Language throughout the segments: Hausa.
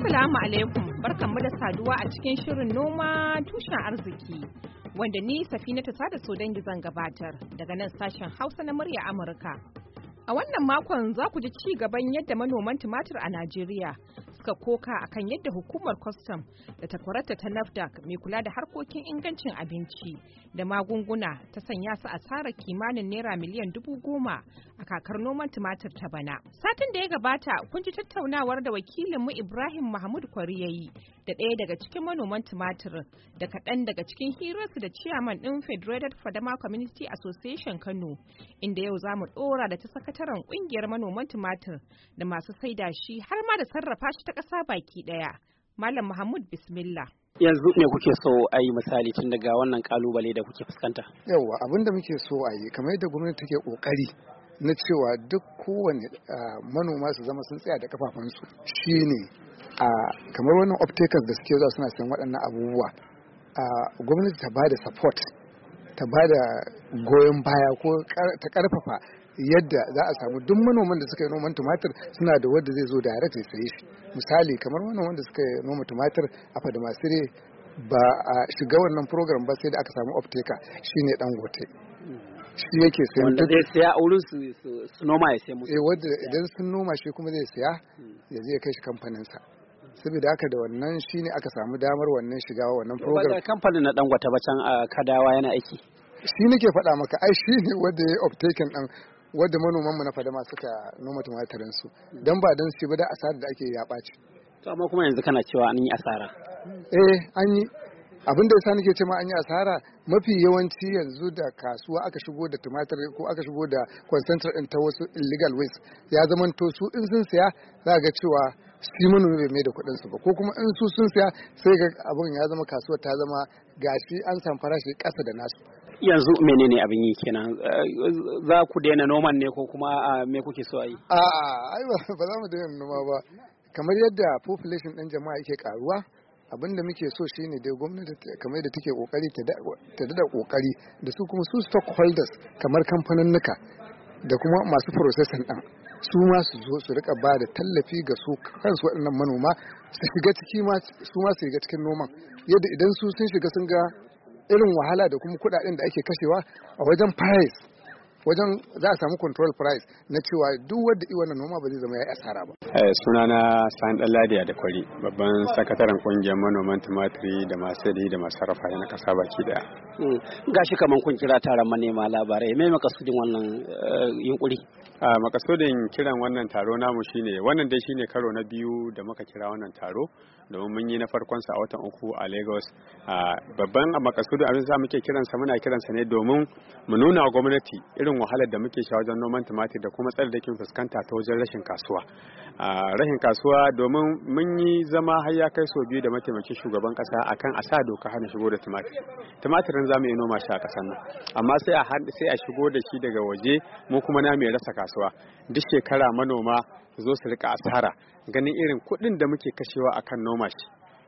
Assalamu alaikum barkanmu da saduwa a cikin shirin noma tushen arziki wanda ni safina ta sada so dangi zan gabatar daga nan sashen Hausa na murya Amurka. A wannan makon za ku ji ci gaban yadda manoman tumatir a Najeriya suka koka akan yadda hukumar kwastam da takwarata ta nafdak mai kula da harkokin ingancin abinci da magunguna ta sanya su asarar kimanin naira miliyan dubu goma a kakar noman tumatir ta bana satin da ya gabata kun ji tattaunawar da wakilinmu ibrahim mahmud kwari ya da ɗaya daga cikin manoman tumatirin da kaɗan daga cikin hirarsu da ciyaman ɗin Federated Fadama Community Association Kano, inda yau za mu ɗora da ta sakataren ƙungiyar manoman tumatir da masu saida shi har ma da sarrafa shi ta ƙasa baki ɗaya. Malam Muhammad Bismillah. yanzu me kuke so a yi misali tun daga wannan kalubale da kuke fuskanta yawwa abin da muke so a yi kamar yadda gwamnati take kokari na cewa duk kowane ah, manoma su zama sun tsaya da kafafunsu shine a kamar wannan optakers da suke zuwa suna sayan waɗannan abubuwa a gwamnati ta ba da support ta ba da goyon baya ko ta karfafa yadda za a samu duk manoman da suka yi noman tumatir suna da wadda zai zo da ya saye shi misali kamar manoman da suka yi noma tumatir a fadamasire ba a shiga wannan program ba sai da aka samu optaker shine dangote shi yake sayan wanda zai saya a wurin su noma ya sai musu eh wanda idan sun noma shi kuma zai saya ya zai kai shi kamfaninsa saboda haka da wannan shine aka samu damar wannan shiga wannan program ba kamfanin na dangwata ba can a kadawa yana aiki shi nake faɗa maka ai shi ne wanda ya obtaken ɗan wadda manoman mu na fadama suka noma tumatirin su dan ba dan su ba da asara da ake ya ɓaci to amma kuma yanzu kana cewa an yi asara eh an yi abin da yasa nake cewa an yi asara mafi yawanci yanzu da kasuwa aka shigo da tumatir ko aka shigo da concentrate ɗin ta wasu illegal waste ya zamanto su in sun siya za ga cewa shi manomi bai mai da kuɗin su ba ko kuma in su sun siya sai ga abin ya zama kasuwa ta zama gashi an san farashi ƙasa da nasu yanzu menene abin yi kenan za ku daina noman ne ko kuma me kuke so a yi a'a ai ba za mu daina noma ba kamar yadda population ɗin jama'a yake karuwa abin da muke so shine dai gwamnati kamar da take kokari ta dada kokari da su kuma su stockholders kamar kamfanin nuka da kuma masu processing ɗin su ma su zo su rika ba da tallafi ga su kansu waɗannan manoma su shiga ciki ma su ma su shiga cikin noman yadda idan su sun shiga sun ga irin wahala da kuma kuɗaɗen da ake kashewa a wajen price wajen za a samu control price na cewa duk wanda i wannan noma ba zai zama ya yi asara ba. Suna eh, sunana dan ladiya da kwari babban sakataren kungiyar manoman tumatiri da masu yadi da masu sarrafa na kasa baki daya. Hmm. gashi kamar kun kira taron manema labarai me makasudin wannan eh, yunkuri. a ah, makasudin kiran wannan taro namu shine wannan dai shine karo na biyu da muka kira wannan taro domin mun yi na farkon sa a watan uku a Lagos ah, babban makasudin abin za muke kiransa muna kiransa ne domin mu nuna gwamnati irin irin wahalar da muke sha wajen noman tumatir da kuma matsalar da ke fuskanta ta wajen rashin kasuwa a rashin kasuwa domin mun yi zama har ya kai sau biyu da mataimakin shugaban kasa akan a sa doka hana shigo da tumatir nan za mu iya noma shi a kasan nan amma sai a a shigo da shi daga waje mu kuma na mai rasa kasuwa duk shekara manoma zo su rika asara ganin irin kuɗin da muke kashewa akan noma shi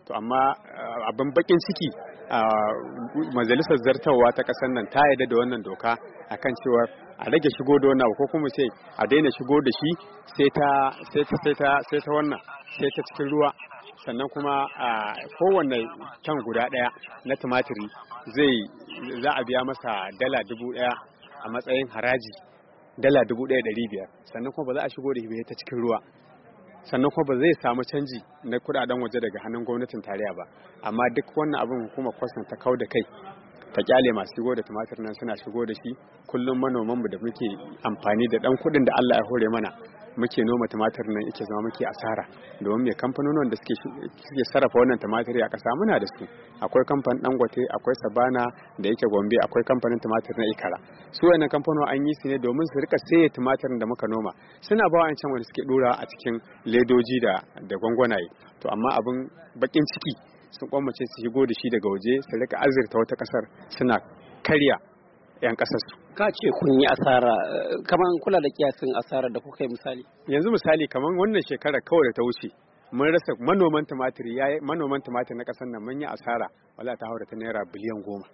to amma abin bakin ciki majalisar zartarwa ta kasar nan ta yarda da wannan doka akan cewa a rage shigo da wannan ko kuma sai a daina shigo da shi sai ta wannan sai ta cikin ruwa sannan kuma a kowanne can guda daya na tumatiri zai za a biya masa dala dubu daya a matsayin haraji dala dubu daya dari biyar sannan kuma ba za a shigo da shi ta cikin ruwa sannan kuma ba zai samu canji na kudaden waje daga hannun gwamnatin tarayya ba amma duk wannan abin hukumar kwastam ta kau da kai ta kyale masu shigo da tumatir nan suna shigo da shi kullum manoman da muke amfani da dan kuɗin da Allah ya hore mana muke noma tumatir nan yake zama muke asara domin mai kamfanonin da suke sarrafa wannan tumatir a kasa muna da su akwai kamfanin Dangote akwai Sabana da yake Gombe akwai kamfanin tumatir na Ikara su wannan kamfanin an yi su ne domin su rika saya tumatirin da muka noma suna ba wancan wanda suke dora a cikin ledoji da da gwangwanaye to amma abin bakin ciki sun kwamace su shigo da shi daga waje su rika azurta wata kasar suna karya 'yan su Ka ce kun yi asara, kamar kula da kiyasin asara da kuka yi misali. Yanzu misali kamar wannan shekara kawai da ta wuce, mun rasa manoman tumatir na kasar nan mun yi asara wala ta haura ta naira biliyan goma.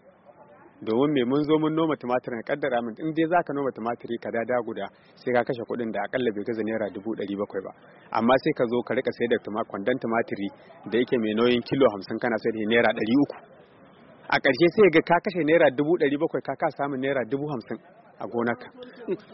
domin me mun zo mun noma tumatir na kaddara min in dai zaka noma tumatiri ka dada guda sai ka kashe kuɗin da akalla bai gaza naira dubu ɗari bakwai ba amma sai ka zo ka rika sayar da tuma kwandon tumatiri da yake mai nauyin kilo hamsin kana sayar da naira ɗari uku a ƙarshe sai ga ka kashe naira dubu ɗari bakwai ka kasa samun naira dubu hamsin a gonarka.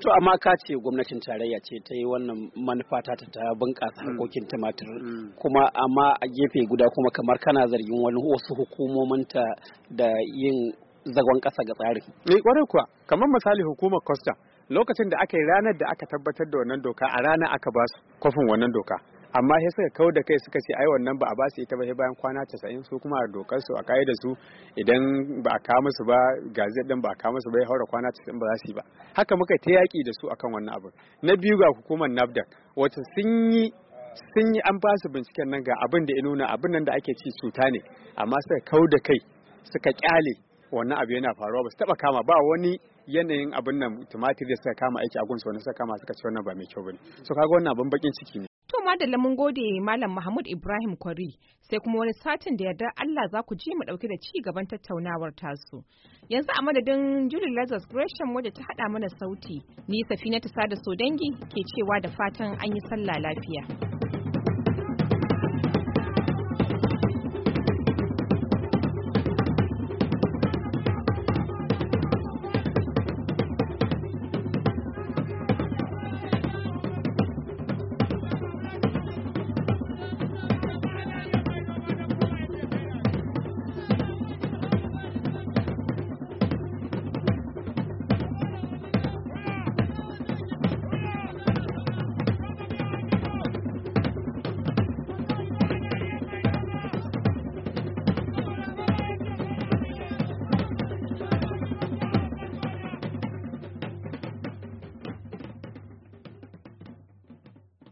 To amma ka ce gwamnatin tarayya ce ta yi wannan manufa ta ta bunƙasa mm. harkokin tumatir mm. kuma amma a gefe guda kuma kamar kana zargin wani wasu hukumomin ta da yin zagon ƙasa ga tsari. Eh kuwa kamar misali hukumar Costa lokacin da aka yi ranar da aka tabbatar da wannan doka a rana aka ba su kofin wannan doka amma sai suka kawo da kai suka ce ai wannan ba a ba su ita ba bayan kwana casa'in su kuma a dokar su a kaida su idan ba a kawo musu ba gazet din ba a kawo musu ba ya haura kwana casa'in ba za su yi ba haka muka ta yaki da su akan wannan abu na biyu ga hukumar NAFDAC wacce sun yi an ba su binciken nan ga abin da ya nuna abin nan da ake ci cuta ne amma suka kau da kai suka kyale wannan abu yana faruwa ba su taba kama ba wani yanayin abin nan tumatir da suka kama aiki a gunsa wani suka kama suka ce wannan ba mai kyau bane so kaga wannan abin bakin ciki ne to da lamun gode malam Mahmud Ibrahim Kwari sai kuma wani satin da yarda Allah za ku ji mu dauke da ci gaban tattaunawar tasu yanzu a madadin Julie Lazarus Gresham wadda ta hada mana sauti ni Safinatu Sada Sodangi ke cewa da fatan an yi sallah lafiya